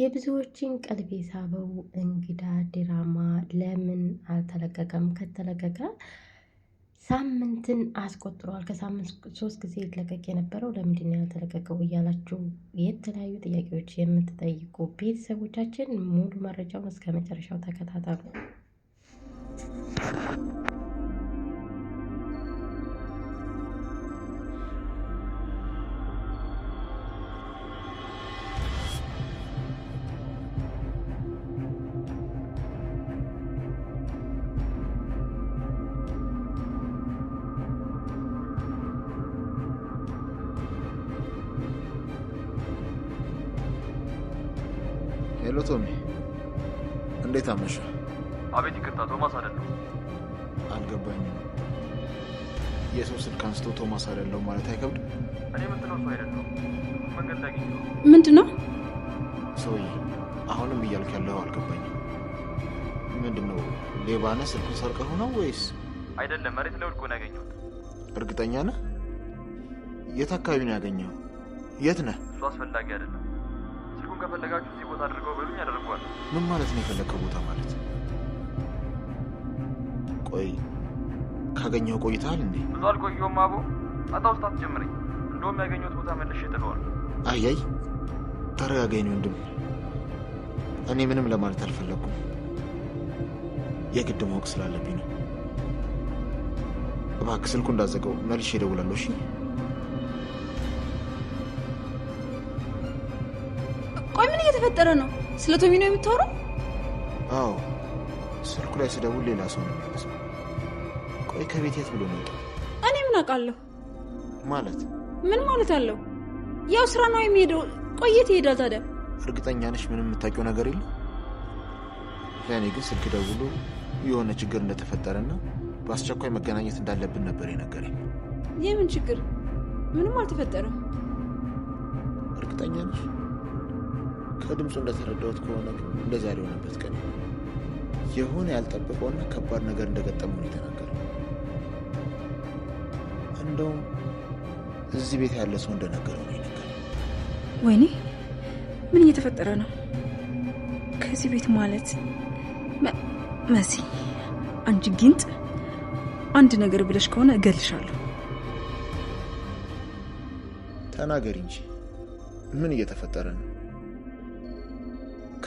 የብዙዎችን ቀልብ የሳበው እንግዳ ድራማ ለምን አልተለቀቀም? ከተለቀቀ ሳምንትን አስቆጥሯል። ከሳምንት ሶስት ጊዜ ይለቀቅ የነበረው ለምንድን ነው ያልተለቀቀው? እያላችሁ የተለያዩ ጥያቄዎች የምትጠይቁ ቤተሰቦቻችን ሙሉ መረጃውን እስከ መጨረሻው ተከታተሉ። ሄሎ ቶሚ፣ እንዴት አመሸ? አቤት፣ ይቅርታ ቶማስ አይደለም። አልገባኝም። የሰው ስልክ አንስቶ ቶማስ አይደለው ማለት አይከብድም? እኔ የምትለው ሰው አይደለው መንገድ ላይ ምንድን ነው ሰውዬ? አሁንም እያልክ ያለው አልገባኝም። ምንድን ነው ሌባ ነህ? ስልኩን ሰርቀህ ነው ወይስ አይደለም? መሬት ላይ ወድቆ ነው ያገኘሁት። እርግጠኛ ነህ? የት አካባቢ ነው ያገኘው? የት ነህ? እሱ አስፈላጊ አይደለም። ከፈለጋችሁ እዚህ ቦታ አድርገው በሉኝ ያደርጓል። ምን ማለት ነው የፈለግከው ቦታ ማለት? ቆይ ካገኘው ቆይተሃል እንዴ? ብዙ አልቆየሁም አቦ፣ ጣጣ ውስጥ አትጀምረኝ። እንደውም ያገኘሁት ቦታ መልሼ ጥለዋል። አያይ ተረጋጋኝ ወንድም፣ እኔ ምንም ለማለት አልፈለግኩም። የግድ ማወቅ ስላለብኝ ነው። እባክህ ስልኩ እንዳዘገው መልሼ እደውላለሁ። እሺ ቆይ ምን እየተፈጠረ ነው? ስለ ቶሚ ነው የምታወራው? አዎ ስልኩ ላይ ስደውል ሌላ ሰው ነው ቆይ ከቤት የት ብሎ ነው? እኔ ምን አውቃለሁ? ማለት ምን ማለት አለው? ያው ስራ ነው የሚሄደው። ቆየት ይሄዳል ታዲያ? እርግጠኛ ነሽ? ምንም የምታውቂው ነገር የለም? ለእኔ ግን ስልክ ደውሎ የሆነ ችግር እንደተፈጠረና በአስቸኳይ መገናኘት እንዳለብን ነበር የነገረኝ። የምን ችግር? ምንም አልተፈጠረም። እርግጠኛ ነሽ? ከድምፁ እንደተረዳሁት ከሆነ እንደዛ ሊሆነበት ቀን የሆነ ያልጠበቀውና ከባድ ነገር እንደገጠመው ነው የተናገረው። እንደውም እዚህ ቤት ያለ ሰው እንደነገረው ነው ነገር። ወይኔ ምን እየተፈጠረ ነው? ከዚህ ቤት ማለት መሲ፣ አንቺ ጊንጥ፣ አንድ ነገር ብለሽ ከሆነ እገልሻለሁ። ተናገሪ እንጂ ምን እየተፈጠረ ነው?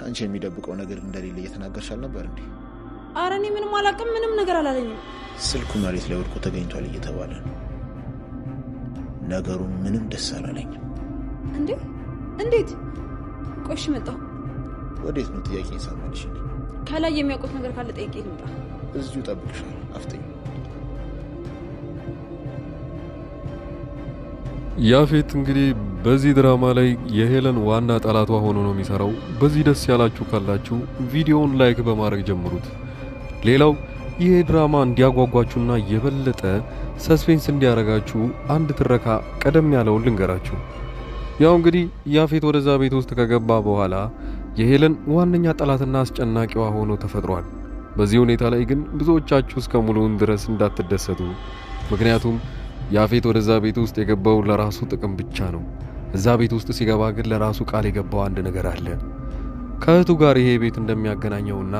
ከአንቺ የሚደብቀው ነገር እንደሌለ እየተናገርሽ አልነበር እንዴ? አረ እኔ ምንም አላውቅም፣ ምንም ነገር አላለኝም። ስልኩ መሬት ላይ ወድቆ ተገኝቷል እየተባለ ነው። ነገሩ ምንም ደስ አላለኝም። እንዴ እንዴት? ቆሽ መጣሁ። ወዴት ነው ጥያቄ ይሳማልሽ? ከላይ የሚያውቁት ነገር ካለ ጠይቄ ልምጣ። እዚሁ ጠብቅሻል። አፍጠኝ ያፌት እንግዲህ በዚህ ድራማ ላይ የሄለን ዋና ጠላቷ ሆኖ ነው የሚሰራው። በዚህ ደስ ያላችሁ ካላችሁ ቪዲዮውን ላይክ በማድረግ ጀምሩት። ሌላው ይሄ ድራማ እንዲያጓጓችሁና የበለጠ ሰስፔንስ እንዲያረጋችሁ አንድ ትረካ ቀደም ያለውን ልንገራችሁ። ያው እንግዲህ ያፌት ወደዛ ቤት ውስጥ ከገባ በኋላ የሄለን ዋነኛ ጠላትና አስጨናቂዋ ሆኖ ተፈጥሯል። በዚህ ሁኔታ ላይ ግን ብዙዎቻችሁ እስከ ሙሉውን ድረስ እንዳትደሰቱ፣ ምክንያቱም ያፌት ወደዛ ቤት ውስጥ የገባው ለራሱ ጥቅም ብቻ ነው። እዛ ቤት ውስጥ ሲገባ ግን ለራሱ ቃል የገባው አንድ ነገር አለ። ከእህቱ ጋር ይሄ ቤት እንደሚያገናኘውና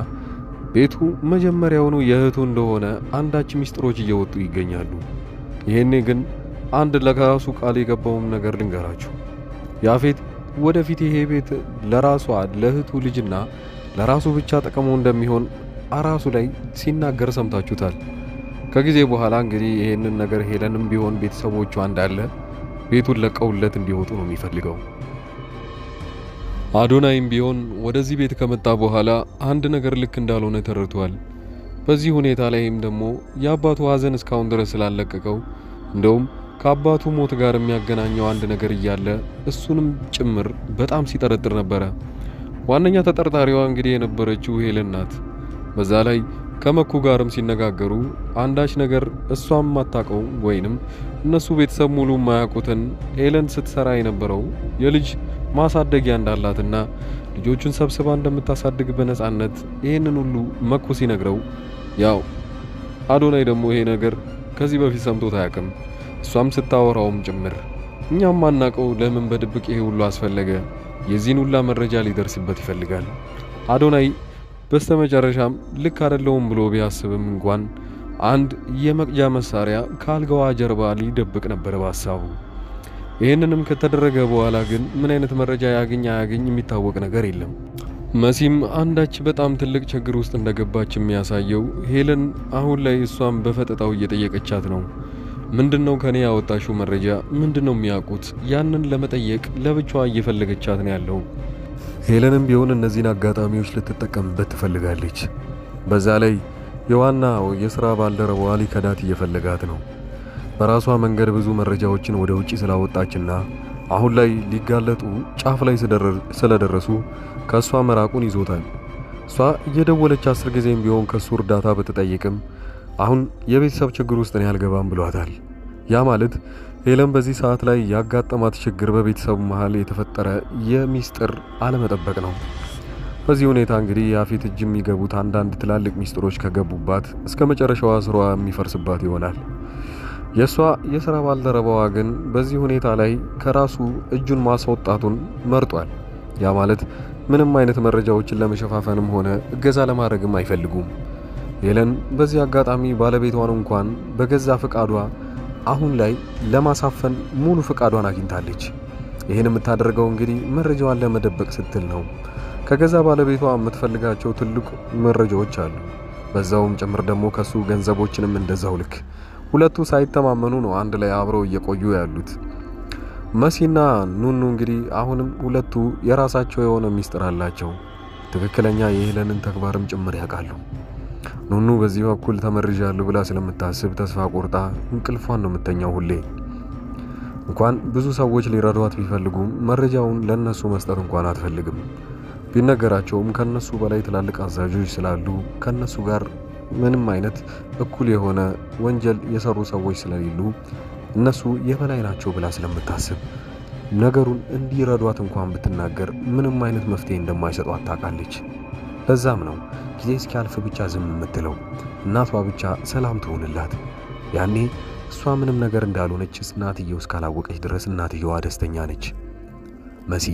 ቤቱ መጀመሪያውኑ የእህቱ እንደሆነ አንዳች ሚስጥሮች እየወጡ ይገኛሉ። ይሄኔ ግን አንድ ለራሱ ቃል የገባውም ነገር ልንገራችሁ። ያፌት ወደፊት ይሄ ቤት ለራሷ ለእህቱ ልጅና ለራሱ ብቻ ጥቅሙ እንደሚሆን አራሱ ላይ ሲናገር ሰምታችሁታል። ከጊዜ በኋላ እንግዲህ ይሄንን ነገር ሄለንም ቢሆን ቤተሰቦቿ እንዳለ ቤቱን ለቀውለት እንዲወጡ ነው የሚፈልገው። አዶናይም ቢሆን ወደዚህ ቤት ከመጣ በኋላ አንድ ነገር ልክ እንዳልሆነ ተረድቷል። በዚህ ሁኔታ ላይም ደግሞ የአባቱ ሐዘን እስካሁን ድረስ ስላለቀቀው እንደውም ከአባቱ ሞት ጋር የሚያገናኘው አንድ ነገር እያለ እሱንም ጭምር በጣም ሲጠረጥር ነበረ። ዋነኛ ተጠርጣሪዋ እንግዲህ የነበረችው ሄለን ናት። በዛ ላይ ከመኩ ጋርም ሲነጋገሩ አንዳች ነገር እሷም ማታቀው ወይንም እነሱ ቤተሰብ ሙሉ የማያውቁትን ኤለን ስትሰራ የነበረው የልጅ ማሳደጊያ እንዳላትና ልጆቹን ሰብስባ እንደምታሳድግ በነፃነት ይህንን ሁሉ መኩ ሲነግረው፣ ያው አዶናይ ደግሞ ይሄ ነገር ከዚህ በፊት ሰምቶት አያውቅም። እሷም ስታወራውም ጭምር እኛም ማናቀው ለምን በድብቅ ይሄ ሁሉ አስፈለገ? የዚህን ሁላ መረጃ ሊደርስበት ይፈልጋል አዶናይ በስተመጨረሻም ልክ አይደለውም ብሎ ቢያስብም እንኳን አንድ የመቅጃ መሳሪያ ከአልጋዋ ጀርባ ሊደብቅ ነበር በሀሳቡ። ይህንንም ከተደረገ በኋላ ግን ምን አይነት መረጃ ያገኝ አያገኝ የሚታወቅ ነገር የለም። መሲም አንዳች በጣም ትልቅ ችግር ውስጥ እንደገባች የሚያሳየው ሄለን አሁን ላይ እሷም በፈጠጣው እየጠየቀቻት ነው። ምንድን ነው ከኔ ያወጣሽው መረጃ? ምንድን ነው የሚያውቁት? ያንን ለመጠየቅ ለብቻዋ እየፈለገቻት ነው ያለው። ሄለንም ቢሆን እነዚህን አጋጣሚዎች ልትጠቀምበት ትፈልጋለች። በዛ ላይ የዋናው የሥራ ባልደረባዋ ሊከዳት እየፈለጋት ነው። በራሷ መንገድ ብዙ መረጃዎችን ወደ ውጪ ስላወጣችና አሁን ላይ ሊጋለጡ ጫፍ ላይ ስለደረሱ ከእሷ መራቁን ይዞታል። እሷ እየደወለች አስር ጊዜም ቢሆን ከእሱ እርዳታ ብትጠይቅም አሁን የቤተሰብ ችግር ውስጥ እኔ አልገባም ብሏታል። ያ ማለት ሄለን በዚህ ሰዓት ላይ ያጋጠማት ችግር በቤተሰቡ መሀል የተፈጠረ የሚስጥር አለመጠበቅ ነው። በዚህ ሁኔታ እንግዲህ የአፌት እጅ የሚገቡት አንዳንድ ትላልቅ ሚስጥሮች ከገቡባት እስከ መጨረሻዋ ስሯ የሚፈርስባት ይሆናል። የእሷ የሥራ ባልደረባዋ ግን በዚህ ሁኔታ ላይ ከራሱ እጁን ማስወጣቱን መርጧል። ያ ማለት ምንም አይነት መረጃዎችን ለመሸፋፈንም ሆነ እገዛ ለማድረግም አይፈልጉም። ሄለን በዚህ አጋጣሚ ባለቤቷን እንኳን በገዛ ፈቃዷ አሁን ላይ ለማሳፈን ሙሉ ፈቃዷን አግኝታለች። ይህን የምታደርገው እንግዲህ መረጃዋን ለመደበቅ ስትል ነው። ከገዛ ባለቤቷ የምትፈልጋቸው ትልቅ መረጃዎች አሉ። በዛውም ጭምር ደግሞ ከሱ ገንዘቦችንም እንደዛው ልክ። ሁለቱ ሳይተማመኑ ነው አንድ ላይ አብረው እየቆዩ ያሉት። መሲና ኑኑ እንግዲህ አሁንም ሁለቱ የራሳቸው የሆነ ሚስጥር አላቸው። ትክክለኛ የሄለንን ተግባርም ጭምር ያውቃሉ። ኑኑ በዚህ በኩል ተመርዣለሁ ብላ ስለምታስብ ተስፋ ቆርጣ እንቅልፏን ነው የምተኛው። ሁሌ እንኳን ብዙ ሰዎች ሊረዷት ቢፈልጉም መረጃውን ለነሱ መስጠት እንኳን አትፈልግም። ቢነገራቸውም ከነሱ በላይ ትላልቅ አዛዦች ስላሉ ከነሱ ጋር ምንም አይነት እኩል የሆነ ወንጀል የሰሩ ሰዎች ስለሌሉ እነሱ የበላይ ናቸው ብላ ስለምታስብ ነገሩን እንዲረዷት እንኳን ብትናገር ምንም አይነት መፍትሄ እንደማይሰጧት ታውቃለች። ለዛም ነው ጊዜ እስኪያልፍ ብቻ ዝም የምትለው። እናቷ ብቻ ሰላም ትሆንላት። ያኔ እሷ ምንም ነገር እንዳልሆነች እናትየው እስካላወቀች ድረስ እናትየዋ ደስተኛ ነች። መሲ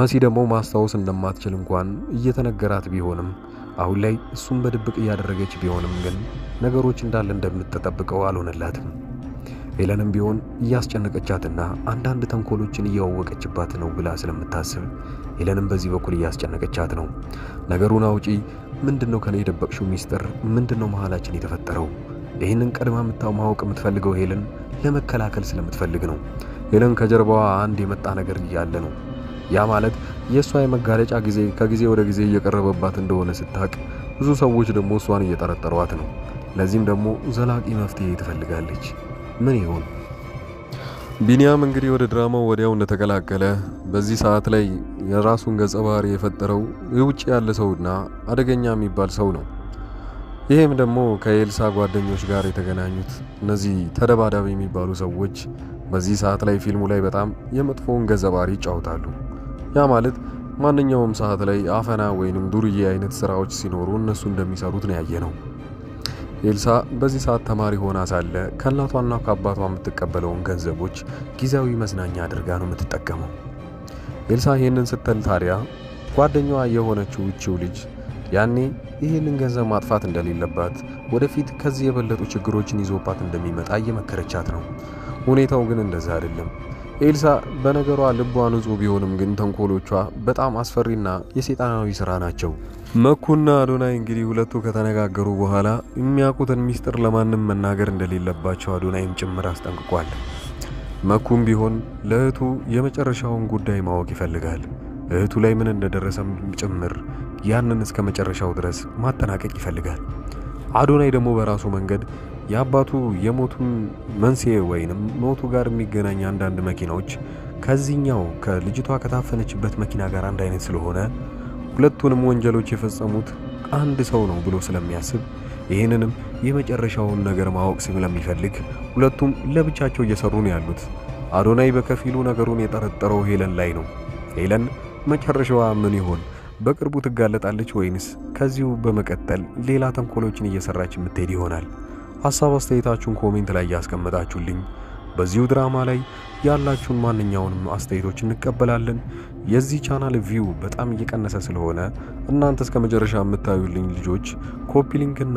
መሲ ደግሞ ማስታወስ እንደማትችል እንኳን እየተነገራት ቢሆንም አሁን ላይ እሱም በድብቅ እያደረገች ቢሆንም ግን ነገሮች እንዳለ እንደምትጠብቀው አልሆነላትም። ሄለንም ቢሆን እያስጨነቀቻትና አንዳንድ ተንኮሎችን እያወቀችባት ነው ብላ ስለምታስብ ሄለንም በዚህ በኩል እያስጨነቀቻት ነው። ነገሩን አውጪ፣ ምንድን ነው ከኔ የደበቅሽው ሚስጥር? ምንድን ነው መሀላችን የተፈጠረው? ይህንን ቀድማ የምታው ማወቅ የምትፈልገው ሄለን ለመከላከል ስለምትፈልግ ነው። ሄለን ከጀርባዋ አንድ የመጣ ነገር እያለ ነው። ያ ማለት የእሷ የመጋለጫ ጊዜ ከጊዜ ወደ ጊዜ እየቀረበባት እንደሆነ ስታቅ፣ ብዙ ሰዎች ደግሞ እሷን እየጠረጠሯት ነው። ለዚህም ደግሞ ዘላቂ መፍትሄ ትፈልጋለች። ምን ይሆን? ቢኒያም እንግዲህ ወደ ድራማው ወዲያው እንደተቀላቀለ በዚህ ሰዓት ላይ የራሱን ገጸ ባህሪ የፈጠረው ውጭ ያለ ሰውና አደገኛ የሚባል ሰው ነው። ይህም ደግሞ ከኤልሳ ጓደኞች ጋር የተገናኙት እነዚህ ተደባዳቢ የሚባሉ ሰዎች በዚህ ሰዓት ላይ ፊልሙ ላይ በጣም የመጥፎውን ገጸ ባህሪ ይጫወታሉ። ያ ማለት ማንኛውም ሰዓት ላይ አፈና ወይንም ዱርዬ አይነት ስራዎች ሲኖሩ እነሱ እንደሚሰሩት ነው ያየ ነው። ኤልሳ በዚህ ሰዓት ተማሪ ሆና ሳለ ከእናቷና ከአባቷ የምትቀበለውን ገንዘቦች ጊዜያዊ መዝናኛ አድርጋ ነው የምትጠቀመው። ኤልሳ ይህንን ስትል ታዲያ ጓደኛዋ የሆነችው እቺው ልጅ ያኔ ይህንን ገንዘብ ማጥፋት እንደሌለባት ወደፊት ከዚህ የበለጡ ችግሮችን ይዞባት እንደሚመጣ እየመከረቻት ነው። ሁኔታው ግን እንደዛ አይደለም። ኤልሳ በነገሯ ልቧ ንጹህ ቢሆንም ግን ተንኮሎቿ በጣም አስፈሪና የሴጣናዊ ስራ ናቸው። መኩና አዶናይ እንግዲህ ሁለቱ ከተነጋገሩ በኋላ የሚያውቁትን ሚስጥር ለማንም መናገር እንደሌለባቸው አዶናይም ጭምር አስጠንቅቋል። መኩም ቢሆን ለእህቱ የመጨረሻውን ጉዳይ ማወቅ ይፈልጋል። እህቱ ላይ ምን እንደደረሰም ጭምር ያንን እስከ መጨረሻው ድረስ ማጠናቀቅ ይፈልጋል። አዶናይ ደግሞ በራሱ መንገድ የአባቱ የሞቱን መንስኤ ወይንም ሞቱ ጋር የሚገናኝ አንዳንድ መኪናዎች ከዚህኛው ከልጅቷ ከታፈነችበት መኪና ጋር አንድ አይነት ስለሆነ ሁለቱንም ወንጀሎች የፈጸሙት አንድ ሰው ነው ብሎ ስለሚያስብ ይህንንም የመጨረሻውን ነገር ማወቅ ስለሚፈልግ ሁለቱም ለብቻቸው እየሰሩ ነው ያሉት። አዶናይ በከፊሉ ነገሩን የጠረጠረው ሄለን ላይ ነው። ሄለን መጨረሻዋ ምን ይሆን? በቅርቡ ትጋለጣለች ወይንስ ከዚሁ በመቀጠል ሌላ ተንኮሎችን እየሰራች የምትሄድ ይሆናል? ሀሳብ አስተያየታችሁን ኮሜንት ላይ እያስቀመጣችሁልኝ በዚሁ ድራማ ላይ ያላችሁን ማንኛውንም አስተያየቶች እንቀበላለን። የዚህ ቻናል ቪው በጣም እየቀነሰ ስለሆነ እናንተ እስከ መጨረሻ የምታዩልኝ ልጆች ኮፒ ሊንክና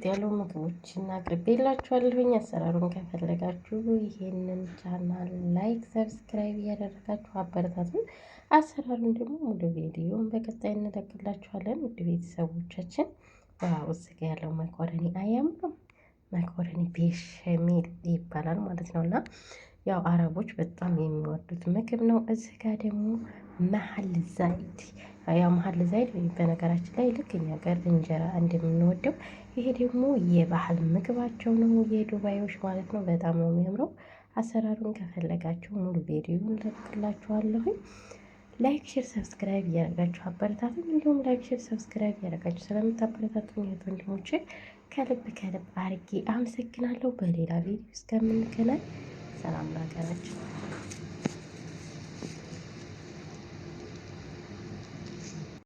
ለየት ያሉ ምግቦችን አቅርቤላችኋለሁኝ። አሰራሩን ከፈለጋችሁ ይሄንን ቻናል ላይክ፣ ሰብስክራይብ እያደረጋችሁ አበረታቱን። አሰራሩን ደግሞ ሙሉ ቪዲዮን በቀጣይ እንለቅላችኋለን። ውድ ቤተሰቦቻችን ዋው! ስጋ ያለው መኮረኒ አያምርም? መኮረኒ ቤሸሜል ይባላል ማለት ነው እና ያው አረቦች በጣም የሚወዱት ምግብ ነው። እዚህ ጋር ደግሞ መሀል ዛይድ ያው መሀል ዛይድ በነገራችን ላይ ልክ እኛ ጋር እንጀራ እንደምንወደው ይሄ ደግሞ የባህል ምግባቸው ነው የዱባዮች ማለት ነው። በጣም ነው የሚያምረው። አሰራሩን ከፈለጋችሁ ሙሉ ቪዲዮን ለቅላችኋለሁኝ። ላይክ ሼር ሰብስክራይብ እያደረጋችሁ አበረታቱኝ። እንዲሁም ላይክ ሼር ሰብስክራይብ እያደረጋችሁ ስለምታበረታቱኝ እህት ወንድሞቼ ከልብ ከልብ አርጌ አመሰግናለሁ። በሌላ ቪዲዮ እስከምንገናኝ ሰላም ላገራችሁ።